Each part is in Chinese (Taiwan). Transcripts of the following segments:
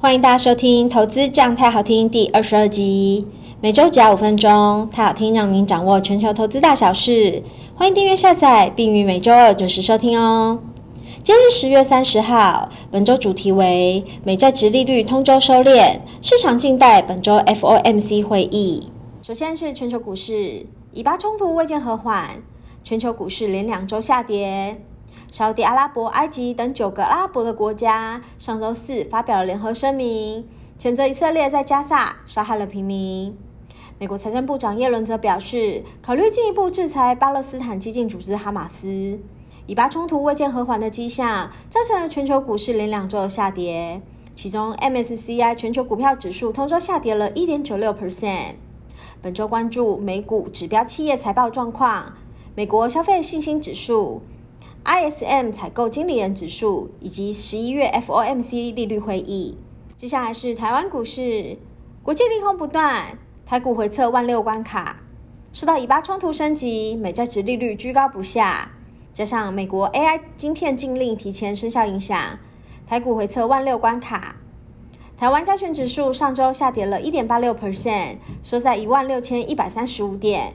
歡迎大家收聽《投資這樣太好聽》第二十二集，每周只要五分鐘，太好聽讓您掌握全球投資大小事。歡迎訂閱下載，並於每周二準時收聽哦。今日十月三十號，本周主題為美債殖利率通週收斂，市場靜待本周 FOMC 會議。首先是全球股市，以巴衝突未見和緩，全球股市連兩周下跌。沙烏地阿拉伯、埃及等九個阿拉伯的國家上周四發表了聯合聲明，譴責以色列在加薩殺害了平民。美國財政部長耶倫則表示，考慮進一步制裁巴勒斯坦激進組織哈馬斯。以巴衝突未見和緩的跡象，造成了全球股市連兩週的下跌，其中 MSCI 全球股票指數通週下跌了一點九六 percent。本周關注美股指標企業財報狀況、美國消費信心指數。ISM 採購經理人指數，以及十一月 FOMC 利率會議。接下來是台灣股市，國際利空不斷，台股回測萬六關卡。受到以巴衝突升級，美債殖利率居高不下，加上美國 AI 晶片禁令提前生效影響，台股回測萬六關卡。台灣加權指數上周下跌了一點八六 PERCENT，收在一萬六千一百三十五點。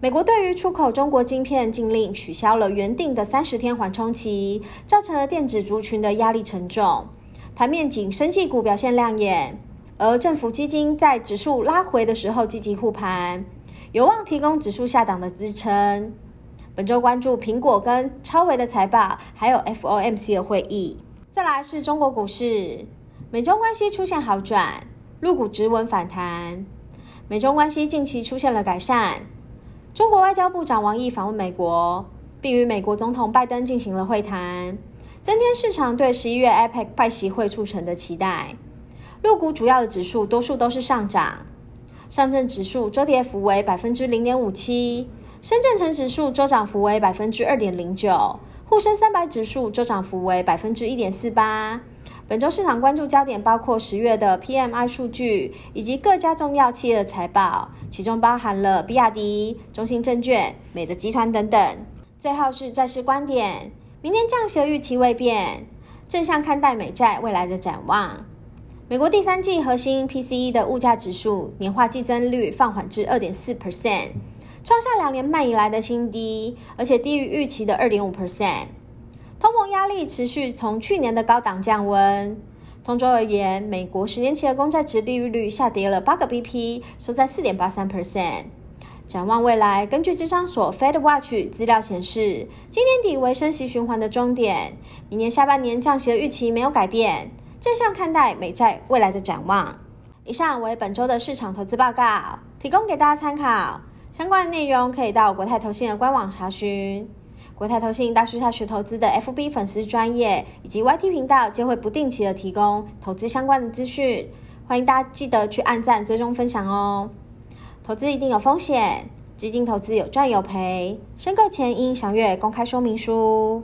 美國對於出口中國晶片禁令取消了原定的三十天緩衝期，造成了電子族群的壓力沉重。盤面僅生技股表現亮眼，而政府基金在指數拉回的時候積極護盤，有望提供指數下檔的支撐。本週關注蘋果跟超微的財報，還有 FOMC 的會議。再來是中國股市，美中關係出現好轉，陸股止穩反彈。美中關係近期出現了改善。中國外交部長王毅訪問美國，並與美國總統拜登進行了會談，增添市場對十一月 APEC 拜習會促成的期待。陸股主要的指數多數都是上漲，上證指數周跌幅為百分之零點五七，深圳成指數周漲幅為百分之二點零九，滬深三百指數周漲幅為百分之一點四八。本週市場關注焦點包括十月的 PMI 數據，以及各家重要企業的財報，其中包含了比亞迪、中信證券、美的集團等等。最後是債市觀點，明年降息的預期未變，正向看待美債未來的展望。美國第三季核心 PCE 的物價指數年化季增率放緩至2.4%，創下兩年半以來的新低，而且低於預期的2.5%。通膨壓力持續，從去年的高檔降溫。同週而言，美國十年期的公債殖利率下跌了八個 bp，收在四點八三 percent。展望未來，根據芝商所 Fed Watch 資料顯示，今年底為升息循環的終點，明年下半年降息的預期沒有改變。正向看待美債未來的展望。以上為本周的市場投資報告，提供給大家參考。相關的內容可以到國泰投信的官網查詢。國泰投信、大樹下學投資的 FB 粉絲專頁以及 YT 頻道，將會不定期的提供投資相關的資訊，歡迎大家記得去按讚、追蹤、分享哦。投資一定有風險，基金投資有賺有賠，申購前應詳閱公開說明書。